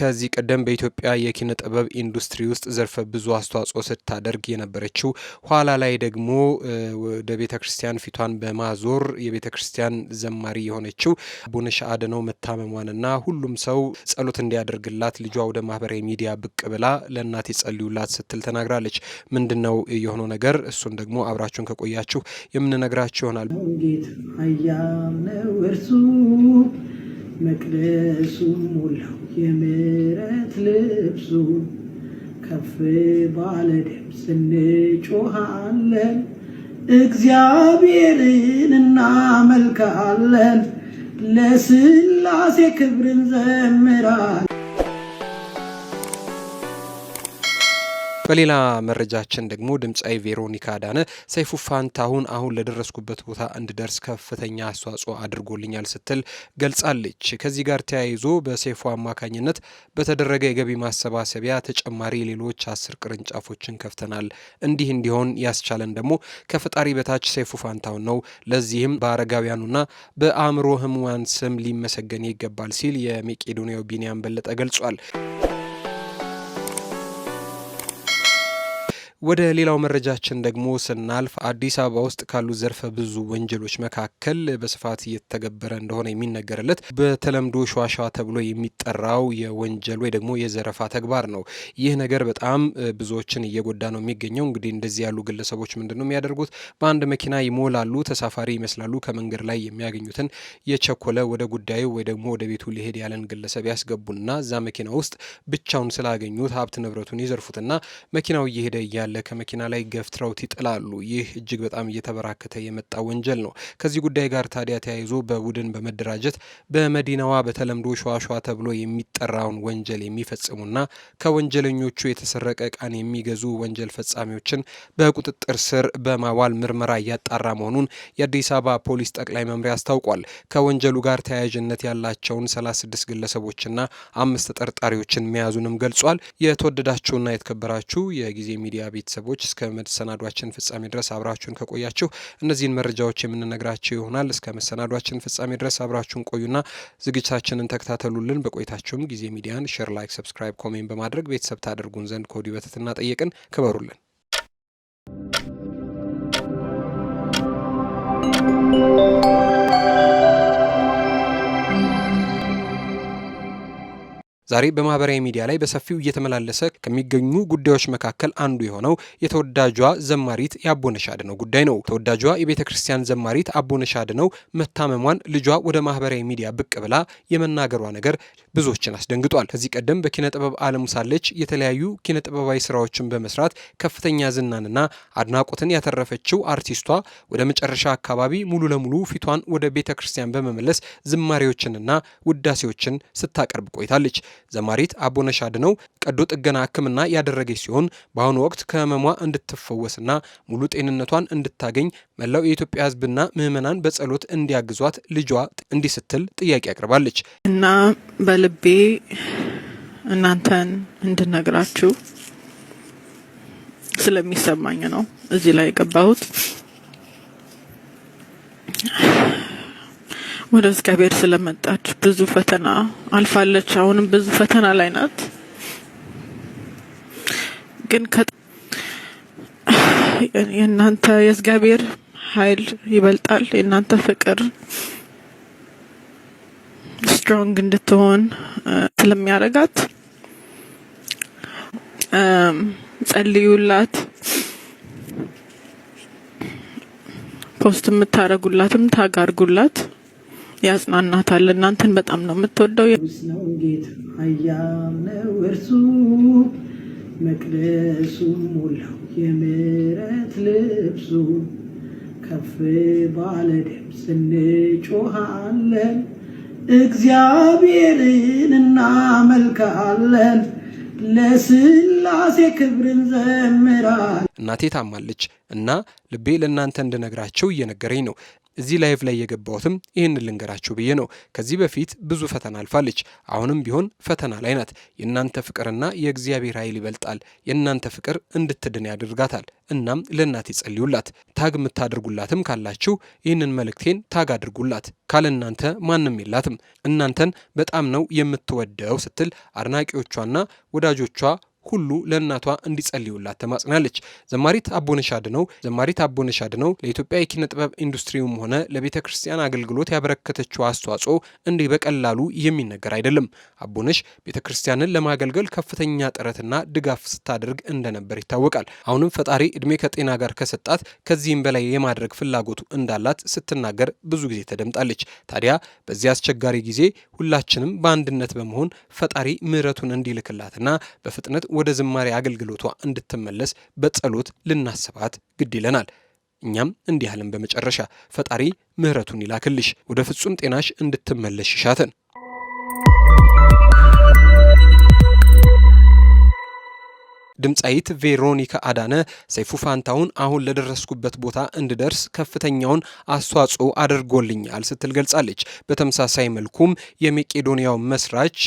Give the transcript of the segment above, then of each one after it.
ከዚህ ቀደም በኢትዮጵያ የኪነ ጥበብ ኢንዱስትሪ ውስጥ ዘርፈ ብዙ አስተዋጽኦ ስታደርግ የነበረችው ኋላ ላይ ደግሞ ወደ ቤተ ክርስቲያን ፊቷን በማዞር የቤተ ክርስቲያን ዘማሪ የሆነችው አቡነሽ አድነው መታመሟንና ሁሉም ሰው ጸሎት እንዲያደርግላት ልጇ ወደ ማህበራዊ ሚዲያ ብቅ ብላ ለእናት የጸልዩላት ስትል ተናግራለች። ምንድን ነው የሆነው ነገር? እሱን ደግሞ አብራችሁን ከቆያችሁ የምንነግራችሁ ይሆናል። መቅደሱ ሞላው የምሕረት ልብሱ ከፍ ባለ ድምፅ እንጮሃለን፣ እግዚአብሔርን እናመልካለን፣ ለሥላሴ ክብርን ዘምራለን። በሌላ መረጃችን ደግሞ ድምፃዊ ቬሮኒካ ዳነ ሰይፉ ፋንታሁን አሁን ለደረስኩበት ቦታ እንድደርስ ከፍተኛ አስተዋጽኦ አድርጎልኛል ስትል ገልጻለች። ከዚህ ጋር ተያይዞ በሰይፉ አማካኝነት በተደረገ የገቢ ማሰባሰቢያ ተጨማሪ ሌሎች አስር ቅርንጫፎችን ከፍተናል። እንዲህ እንዲሆን ያስቻለን ደግሞ ከፈጣሪ በታች ሰይፉ ፋንታሁን ነው። ለዚህም በአረጋውያኑና በአእምሮ ህሙዋን ስም ሊመሰገን ይገባል ሲል የመቄዶንያው ቢኒያም በለጠ ገልጿል። ወደ ሌላው መረጃችን ደግሞ ስናልፍ አዲስ አበባ ውስጥ ካሉ ዘርፈ ብዙ ወንጀሎች መካከል በስፋት እየተገበረ እንደሆነ የሚነገርለት በተለምዶ ሸዋሸዋ ተብሎ የሚጠራው የወንጀል ወይ ደግሞ የዘረፋ ተግባር ነው። ይህ ነገር በጣም ብዙዎችን እየጎዳ ነው የሚገኘው። እንግዲህ እንደዚህ ያሉ ግለሰቦች ምንድን ነው የሚያደርጉት? በአንድ መኪና ይሞላሉ፣ ተሳፋሪ ይመስላሉ። ከመንገድ ላይ የሚያገኙትን የቸኮለ ወደ ጉዳዩ ወይ ደግሞ ወደ ቤቱ ሊሄድ ያለን ግለሰብ ያስገቡና እዛ መኪና ውስጥ ብቻውን ስላገኙት ሀብት ንብረቱን ይዘርፉትና መኪናው እየሄደ እያለ እንዳለ ከመኪና ላይ ገፍትረውት ይጥላሉ። ይህ እጅግ በጣም እየተበራከተ የመጣ ወንጀል ነው። ከዚህ ጉዳይ ጋር ታዲያ ተያይዞ በቡድን በመደራጀት በመዲናዋ በተለምዶ ሸዋሸዋ ተብሎ የሚጠራውን ወንጀል የሚፈጽሙና ከወንጀለኞቹ የተሰረቀ ቃን የሚገዙ ወንጀል ፈጻሚዎችን በቁጥጥር ስር በማዋል ምርመራ እያጣራ መሆኑን የአዲስ አበባ ፖሊስ ጠቅላይ መምሪያ አስታውቋል። ከወንጀሉ ጋር ተያያዥነት ያላቸውን 36 ግለሰቦችና አምስት ተጠርጣሪዎችን መያዙንም ገልጿል። የተወደዳችሁና የተከበራችሁ የጊዜ ሚዲያ ቤት ቤተሰቦች እስከ መሰናዷችን ፍጻሜ ድረስ አብራችሁን ከቆያችሁ እነዚህን መረጃዎች የምንነግራችሁ ይሆናል። እስከ መሰናዷችን ፍጻሜ ድረስ አብራችሁን ቆዩና ዝግጅታችንን ተከታተሉልን። በቆይታችሁም ጊዜ ሚዲያን ሼር፣ ላይክ፣ ሰብስክራይብ፣ ኮሜንት በማድረግ ቤተሰብ ታደርጉን ዘንድ ከወዲሁ በትህትና ጠየቅን። ክበሩልን። thank you ዛሬ በማህበራዊ ሚዲያ ላይ በሰፊው እየተመላለሰ ከሚገኙ ጉዳዮች መካከል አንዱ የሆነው የተወዳጇ ዘማሪት የአቦነሽ አድነው ጉዳይ ነው። ተወዳጇ የቤተ ክርስቲያን ዘማሪት አቦነሽ አድነው መታመሟን ልጇ ወደ ማህበራዊ ሚዲያ ብቅ ብላ የመናገሯ ነገር ብዙዎችን አስደንግጧል። ከዚህ ቀደም በኪነ ጥበብ ዓለም ሳለች የተለያዩ ኪነ ጥበባዊ ስራዎችን በመስራት ከፍተኛ ዝናንና አድናቆትን ያተረፈችው አርቲስቷ ወደ መጨረሻ አካባቢ ሙሉ ለሙሉ ፊቷን ወደ ቤተ ክርስቲያን በመመለስ ዝማሬዎችንና ውዳሴዎችን ስታቀርብ ቆይታለች። ዘማሪት አቦነሽ አድነው ቀዶ ጥገና ሕክምና ያደረገች ሲሆን በአሁኑ ወቅት ከህመሟ እንድትፈወስና ሙሉ ጤንነቷን እንድታገኝ መላው የኢትዮጵያ ህዝብና ምዕመናን በጸሎት እንዲያግዟት ልጇ እንዲህ ስትል ጥያቄ አቅርባለች። እና በልቤ እናንተን እንድነግራችሁ ስለሚሰማኝ ነው እዚህ ላይ የገባሁት። ወደ እግዚአብሔር ስለመጣች ብዙ ፈተና አልፋለች። አሁንም ብዙ ፈተና ላይ ናት። ግን የእናንተ የእግዚአብሔር ኃይል ይበልጣል። የእናንተ ፍቅር ስትሮንግ እንድትሆን ስለሚያደርጋት ጸልዩላት። ፖስት የምታደርጉላትም ታጋርጉላት፣ ያጽናናታል። እናንተን በጣም ነው የምትወደው። መቅደሱ ሞላው የምሕረት ልብሱ ከፍ ባለ ድምፅ እንጮሃለን፣ እግዚአብሔርን እናመልካለን፣ ለስላሴ ክብር እንዘምራለን። እናቴ ታማለች እና ልቤ ለእናንተ እንድነግራቸው እየነገረኝ ነው። እዚህ ላይቭ ላይ የገባሁትም ይህን ልንገራችሁ ብዬ ነው። ከዚህ በፊት ብዙ ፈተና አልፋለች። አሁንም ቢሆን ፈተና ላይ ናት። የእናንተ ፍቅርና የእግዚአብሔር ኃይል ይበልጣል። የእናንተ ፍቅር እንድትድን ያደርጋታል። እናም ለእናቴ ጸልዩላት። ታግ የምታደርጉላትም ካላችሁ ይህንን መልእክቴን ታግ አድርጉላት። ካለ እናንተ ማንም የላትም። እናንተን በጣም ነው የምትወደው ስትል አድናቂዎቿና ወዳጆቿ ሁሉ ለእናቷ እንዲጸልዩላት ተማጽናለች። ዘማሪት አቦነሽ አድነው ዘማሪት አቦነሽ አድነው ለኢትዮጵያ የኪነ ጥበብ ኢንዱስትሪውም ሆነ ለቤተ ክርስቲያን አገልግሎት ያበረከተችው አስተዋጽኦ እንዲህ በቀላሉ የሚነገር አይደለም። አቦነሽ ቤተ ክርስቲያንን ለማገልገል ከፍተኛ ጥረትና ድጋፍ ስታደርግ እንደነበር ይታወቃል። አሁንም ፈጣሪ እድሜ ከጤና ጋር ከሰጣት ከዚህም በላይ የማድረግ ፍላጎቱ እንዳላት ስትናገር ብዙ ጊዜ ተደምጣለች። ታዲያ በዚህ አስቸጋሪ ጊዜ ሁላችንም በአንድነት በመሆን ፈጣሪ ምሕረቱን እንዲልክላትና በፍጥነት ወደ ዝማሬ አገልግሎቷ እንድትመለስ በጸሎት ልናስባት ግድ ይለናል። እኛም እንዲህ አለን በመጨረሻ ፈጣሪ ምሕረቱን ይላክልሽ፣ ወደ ፍጹም ጤናሽ እንድትመለሽ ይሻትን። ድምፃዊት ቬሮኒካ አዳነ ሰይፉ ፋንታሁን አሁን ለደረስኩበት ቦታ እንድደርስ ከፍተኛውን አስተዋጽኦ አድርጎልኛል ስትል ገልጻለች። በተመሳሳይ መልኩም የመቄዶንያው መስራች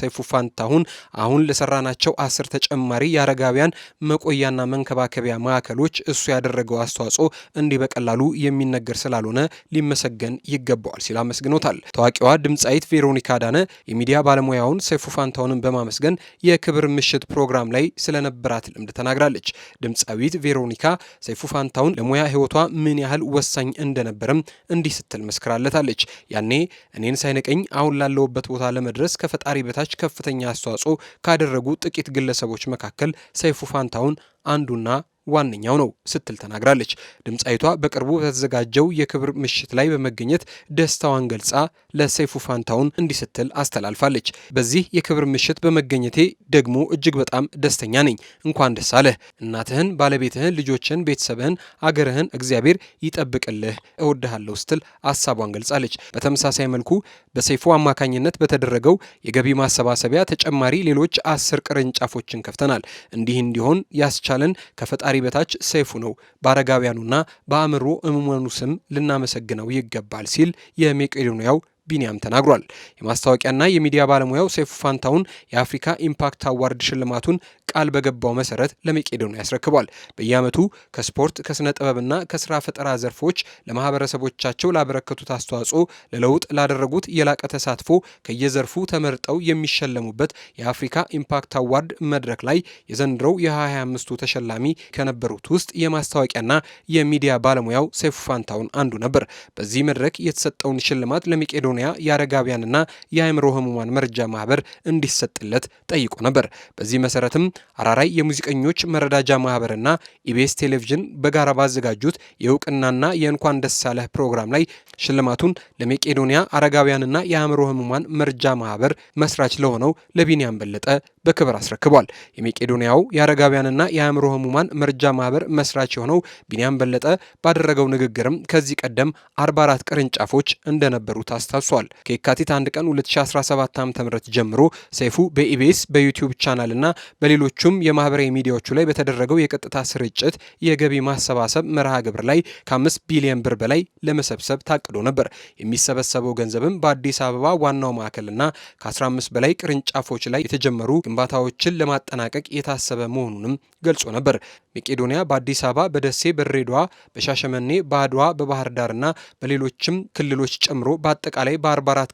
ሰይፉ ፋንታሁን አሁን ለሰራናቸው አስር ተጨማሪ የአረጋውያን መቆያና መንከባከቢያ ማዕከሎች እሱ ያደረገው አስተዋጽኦ እንዲህ በቀላሉ የሚነገር ስላልሆነ ሊመሰገን ይገባዋል ሲል አመስግኖታል። ታዋቂዋ ድምፃዊት ቬሮኒካ አዳነ የሚዲያ ባለሙያውን ሰይፉ ፋንታሁንን በማመስገን የክብር ምሽት ፕሮግራም ላይ ስለነበ ስለነበራት ልምድ ተናግራለች። ድምፃዊት ቬሮኒካ ሰይፉ ፋንታውን ለሙያ ህይወቷ ምን ያህል ወሳኝ እንደነበረም እንዲህ ስትል መስክራለታለች። ያኔ እኔን ሳይነቀኝ አሁን ላለሁበት ቦታ ለመድረስ ከፈጣሪ በታች ከፍተኛ አስተዋጽኦ ካደረጉ ጥቂት ግለሰቦች መካከል ሰይፉ ፋንታውን አንዱና ዋነኛው ነው ስትል ተናግራለች። ድምፃዊቷ በቅርቡ በተዘጋጀው የክብር ምሽት ላይ በመገኘት ደስታዋን ገልጻ ለሰይፉ ፋንታውን እንዲህ ስትል አስተላልፋለች። በዚህ የክብር ምሽት በመገኘቴ ደግሞ እጅግ በጣም ደስተኛ ነኝ። እንኳን ደስ አለህ። እናትህን፣ ባለቤትህን፣ ልጆችን ቤተሰብህን፣ አገርህን እግዚአብሔር ይጠብቅልህ። እወድሃለሁ ስትል ሀሳቧን ገልጻለች። በተመሳሳይ መልኩ በሰይፉ አማካኝነት በተደረገው የገቢ ማሰባሰቢያ ተጨማሪ ሌሎች አስር ቅርንጫፎችን ከፍተናል። እንዲህ እንዲሆን ያስቻለን ከፈጣሪ ከፈጣሪ በታች ሰይፉ ነው። በአረጋውያኑና በአእምሮ እምመኑ ስም ልናመሰግነው ይገባል ሲል የሜቄዶንያው ቢኒያም ተናግሯል። የማስታወቂያና የሚዲያ ባለሙያው ሰይፉ ፋንታውን የአፍሪካ ኢምፓክት አዋርድ ሽልማቱን ቃል በገባው መሰረት ለመቄዶንያ ያስረክቧል። በየዓመቱ ከስፖርት ከስነ ጥበብና ከስራ ፈጠራ ዘርፎች ለማህበረሰቦቻቸው ላበረከቱት አስተዋጽኦ ለለውጥ ላደረጉት የላቀ ተሳትፎ ከየዘርፉ ተመርጠው የሚሸለሙበት የአፍሪካ ኢምፓክት አዋርድ መድረክ ላይ የዘንድሮው የ25ቱ ተሸላሚ ከነበሩት ውስጥ የማስታወቂያና የሚዲያ ባለሙያው ሰይፉ ፋንታውን አንዱ ነበር። በዚህ መድረክ የተሰጠውን ሽልማት ለመቄዶንያ መቄዶንያ የአረጋውያንና የአእምሮ ህሙማን መርጃ ማህበር እንዲሰጥለት ጠይቆ ነበር። በዚህ መሰረትም አራራይ የሙዚቀኞች መረዳጃ ማህበርና ኢቢኤስ ቴሌቪዥን በጋራ ባዘጋጁት የእውቅናና የእንኳን ደሳለህ ፕሮግራም ላይ ሽልማቱን ለመቄዶንያ አረጋውያንና የአእምሮ ህሙማን መርጃ ማህበር መስራች ለሆነው ለቢኒያም በለጠ በክብር አስረክቧል። የመቄዶንያው የአረጋውያንና የአእምሮ ህሙማን መርጃ ማህበር መስራች የሆነው ቢንያም በለጠ ባደረገው ንግግርም ከዚህ ቀደም 44 ቅርንጫፎች እንደነበሩ ታስታውሷል። ከየካቲት 1 ቀን 2017 ዓ.ም ጀምሮ ሰይፉ በኢቢኤስ በዩቲዩብ ቻናልና በሌሎቹም የማህበራዊ ሚዲያዎቹ ላይ በተደረገው የቀጥታ ስርጭት የገቢ ማሰባሰብ መርሃ ግብር ላይ ከ5 ቢሊዮን ብር በላይ ለመሰብሰብ ታቅዶ ነበር። የሚሰበሰበው ገንዘብም በአዲስ አበባ ዋናው ማዕከልና ከ15 በላይ ቅርንጫፎች ላይ የተጀመሩ ግንባታዎችን ለማጠናቀቅ የታሰበ መሆኑንም ገልጾ ነበር። መቄዶንያ በአዲስ አበባ፣ በደሴ፣ በድሬዳዋ፣ በሻሸመኔ፣ በአድዋ፣ በባህር ዳርና በሌሎችም ክልሎች ጨምሮ በአጠቃላይ በ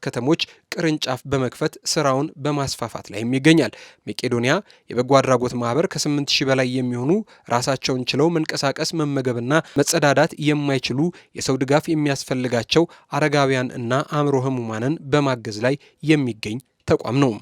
ከተሞች ቅርንጫፍ በመክፈት ስራውን በማስፋፋት ላይም ይገኛል። መቄዶንያ የበጎ አድራጎት ማህበር ከ8 ሺ በላይ የሚሆኑ ራሳቸውን ችለው መንቀሳቀስ መመገብና መጸዳዳት የማይችሉ የሰው ድጋፍ የሚያስፈልጋቸው አረጋውያን እና አእምሮ ህሙማንን በማገዝ ላይ የሚገኝ ተቋም ነው።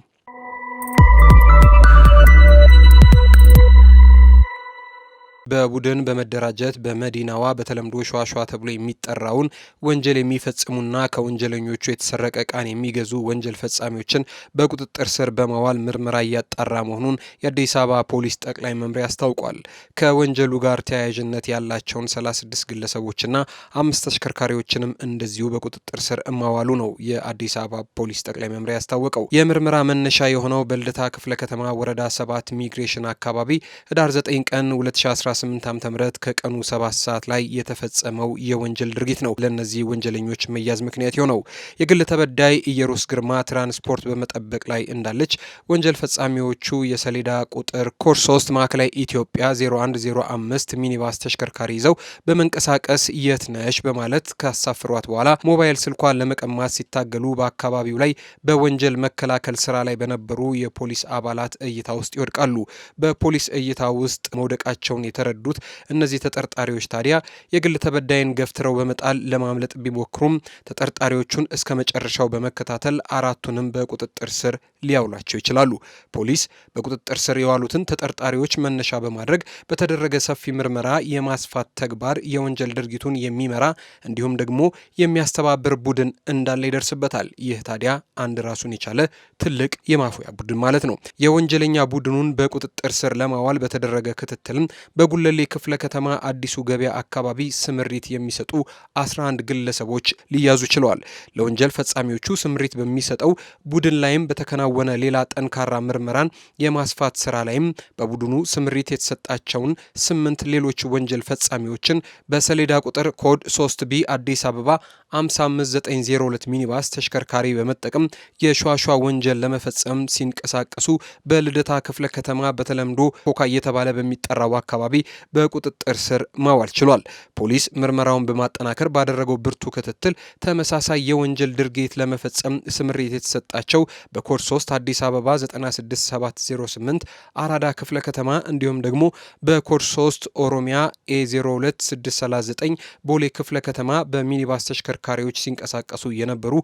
በቡድን በመደራጀት በመዲናዋ በተለምዶ ሸዋሸዋ ተብሎ የሚጠራውን ወንጀል የሚፈጽሙና ከወንጀለኞቹ የተሰረቀ ዕቃን የሚገዙ ወንጀል ፈጻሚዎችን በቁጥጥር ስር በመዋል ምርመራ እያጣራ መሆኑን የአዲስ አበባ ፖሊስ ጠቅላይ መምሪያ አስታውቋል። ከወንጀሉ ጋር ተያያዥነት ያላቸውን 36 ግለሰቦችና አምስት ተሽከርካሪዎችንም እንደዚሁ በቁጥጥር ስር እማዋሉ ነው የአዲስ አበባ ፖሊስ ጠቅላይ መምሪያ ያስታወቀው። የምርመራ መነሻ የሆነው በልደታ ክፍለ ከተማ ወረዳ ሰባት ሚግሬሽን አካባቢ ህዳር 9 ቀን 2 2018 ዓ.ም ከቀኑ 7 ሰዓት ላይ የተፈጸመው የወንጀል ድርጊት ነው ለእነዚህ ወንጀለኞች መያዝ ምክንያት የሆነው። የግል ተበዳይ ኢየሩስ ግርማ ትራንስፖርት በመጠበቅ ላይ እንዳለች ወንጀል ፈጻሚዎቹ የሰሌዳ ቁጥር ኮድ 3 ማዕከላዊ ኢትዮጵያ 0105 ሚኒባስ ተሽከርካሪ ይዘው በመንቀሳቀስ የት ነሽ በማለት ካሳፍሯት በኋላ ሞባይል ስልኳን ለመቀማት ሲታገሉ በአካባቢው ላይ በወንጀል መከላከል ስራ ላይ በነበሩ የፖሊስ አባላት እይታ ውስጥ ይወድቃሉ። በፖሊስ እይታ ውስጥ መውደቃቸውን የተ የተረዱት እነዚህ ተጠርጣሪዎች ታዲያ የግል ተበዳይን ገፍትረው በመጣል ለማምለጥ ቢሞክሩም ተጠርጣሪዎቹን እስከ መጨረሻው በመከታተል አራቱንም በቁጥጥር ስር ሊያውላቸው ይችላሉ። ፖሊስ በቁጥጥር ስር የዋሉትን ተጠርጣሪዎች መነሻ በማድረግ በተደረገ ሰፊ ምርመራ የማስፋት ተግባር የወንጀል ድርጊቱን የሚመራ እንዲሁም ደግሞ የሚያስተባብር ቡድን እንዳለ ይደርስበታል። ይህ ታዲያ አንድ ራሱን የቻለ ትልቅ የማፉያ ቡድን ማለት ነው። የወንጀለኛ ቡድኑን በቁጥጥር ስር ለማዋል በተደረገ ክትትልም በጉ በጉለሌ ክፍለ ከተማ አዲሱ ገበያ አካባቢ ስምሪት የሚሰጡ 11 ግለሰቦች ሊያዙ ችለዋል። ለወንጀል ፈጻሚዎቹ ስምሪት በሚሰጠው ቡድን ላይም በተከናወነ ሌላ ጠንካራ ምርመራን የማስፋት ስራ ላይም በቡድኑ ስምሪት የተሰጣቸውን ስምንት ሌሎች ወንጀል ፈጻሚዎችን በሰሌዳ ቁጥር ኮድ 3 ቢ አዲስ አበባ 55902 ሚኒባስ ተሽከርካሪ በመጠቀም የሸዋሸዋ ወንጀል ለመፈጸም ሲንቀሳቀሱ በልደታ ክፍለ ከተማ በተለምዶ ኮካ እየተባለ በሚጠራው አካባቢ በቁጥጥር ስር ማዋል ችሏል። ፖሊስ ምርመራውን በማጠናከር ባደረገው ብርቱ ክትትል ተመሳሳይ የወንጀል ድርጊት ለመፈጸም ስምሪት የተሰጣቸው በኮድ 3 አዲስ አበባ 96708 አራዳ ክፍለ ከተማ እንዲሁም ደግሞ በኮድ 3 ኦሮሚያ ኤ02639 ቦሌ ክፍለ ከተማ በሚኒባስ ተሽከርካሪዎች ሲንቀሳቀሱ የነበሩ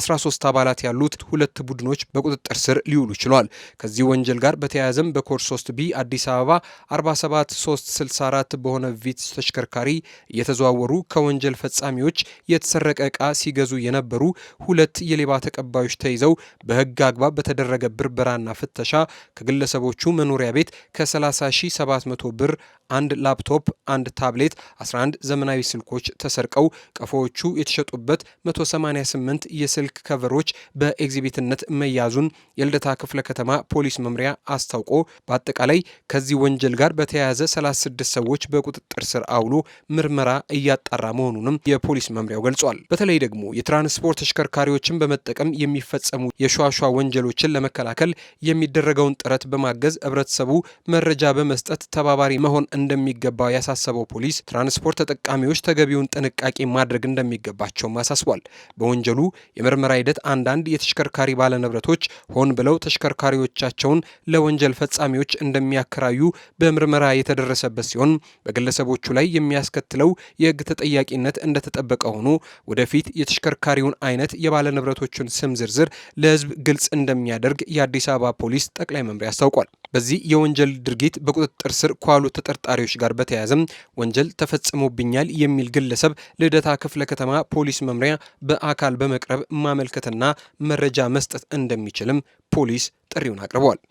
13 አባላት ያሉት ሁለት ቡድኖች በቁጥጥር ስር ሊውሉ ችሏል። ከዚህ ወንጀል ጋር በተያያዘም በኮድ 3 ቢ አዲስ አበባ 473 64 በሆነ ቪትስ ተሽከርካሪ እየተዘዋወሩ ከወንጀል ፈጻሚዎች የተሰረቀ ዕቃ ሲገዙ የነበሩ ሁለት የሌባ ተቀባዮች ተይዘው በህግ አግባብ በተደረገ ብርበራና ፍተሻ ከግለሰቦቹ መኖሪያ ቤት ከ30700 ብር አንድ ላፕቶፕ፣ አንድ ታብሌት፣ 11 ዘመናዊ ስልኮች ተሰርቀው ቀፎዎቹ የተሸጡበት 188 የስልክ ከቨሮች በኤግዚቢትነት መያዙን የልደታ ክፍለ ከተማ ፖሊስ መምሪያ አስታውቆ በአጠቃላይ ከዚህ ወንጀል ጋር በተያያዘ ስድስት ሰዎች በቁጥጥር ስር አውሎ ምርመራ እያጣራ መሆኑንም የፖሊስ መምሪያው ገልጿል። በተለይ ደግሞ የትራንስፖርት ተሽከርካሪዎችን በመጠቀም የሚፈጸሙ የሸዋሸዋ ወንጀሎችን ለመከላከል የሚደረገውን ጥረት በማገዝ ህብረተሰቡ መረጃ በመስጠት ተባባሪ መሆን እንደሚገባ ያሳሰበው ፖሊስ ትራንስፖርት ተጠቃሚዎች ተገቢውን ጥንቃቄ ማድረግ እንደሚገባቸውም አሳስቧል። በወንጀሉ የምርመራ ሂደት አንዳንድ የተሽከርካሪ ባለንብረቶች ሆን ብለው ተሽከርካሪዎቻቸውን ለወንጀል ፈጻሚዎች እንደሚያከራዩ በምርመራ የተደረሰ የደረሰበት ሲሆን በግለሰቦቹ ላይ የሚያስከትለው የህግ ተጠያቂነት እንደተጠበቀ ሆኖ ወደፊት የተሽከርካሪውን አይነት የባለ ንብረቶችን ስም ዝርዝር ለህዝብ ግልጽ እንደሚያደርግ የአዲስ አበባ ፖሊስ ጠቅላይ መምሪያ አስታውቋል። በዚህ የወንጀል ድርጊት በቁጥጥር ስር ከዋሉ ተጠርጣሪዎች ጋር በተያያዘም ወንጀል ተፈጽሞብኛል የሚል ግለሰብ ልደታ ክፍለ ከተማ ፖሊስ መምሪያ በአካል በመቅረብ ማመልከትና መረጃ መስጠት እንደሚችልም ፖሊስ ጥሪውን አቅርበዋል።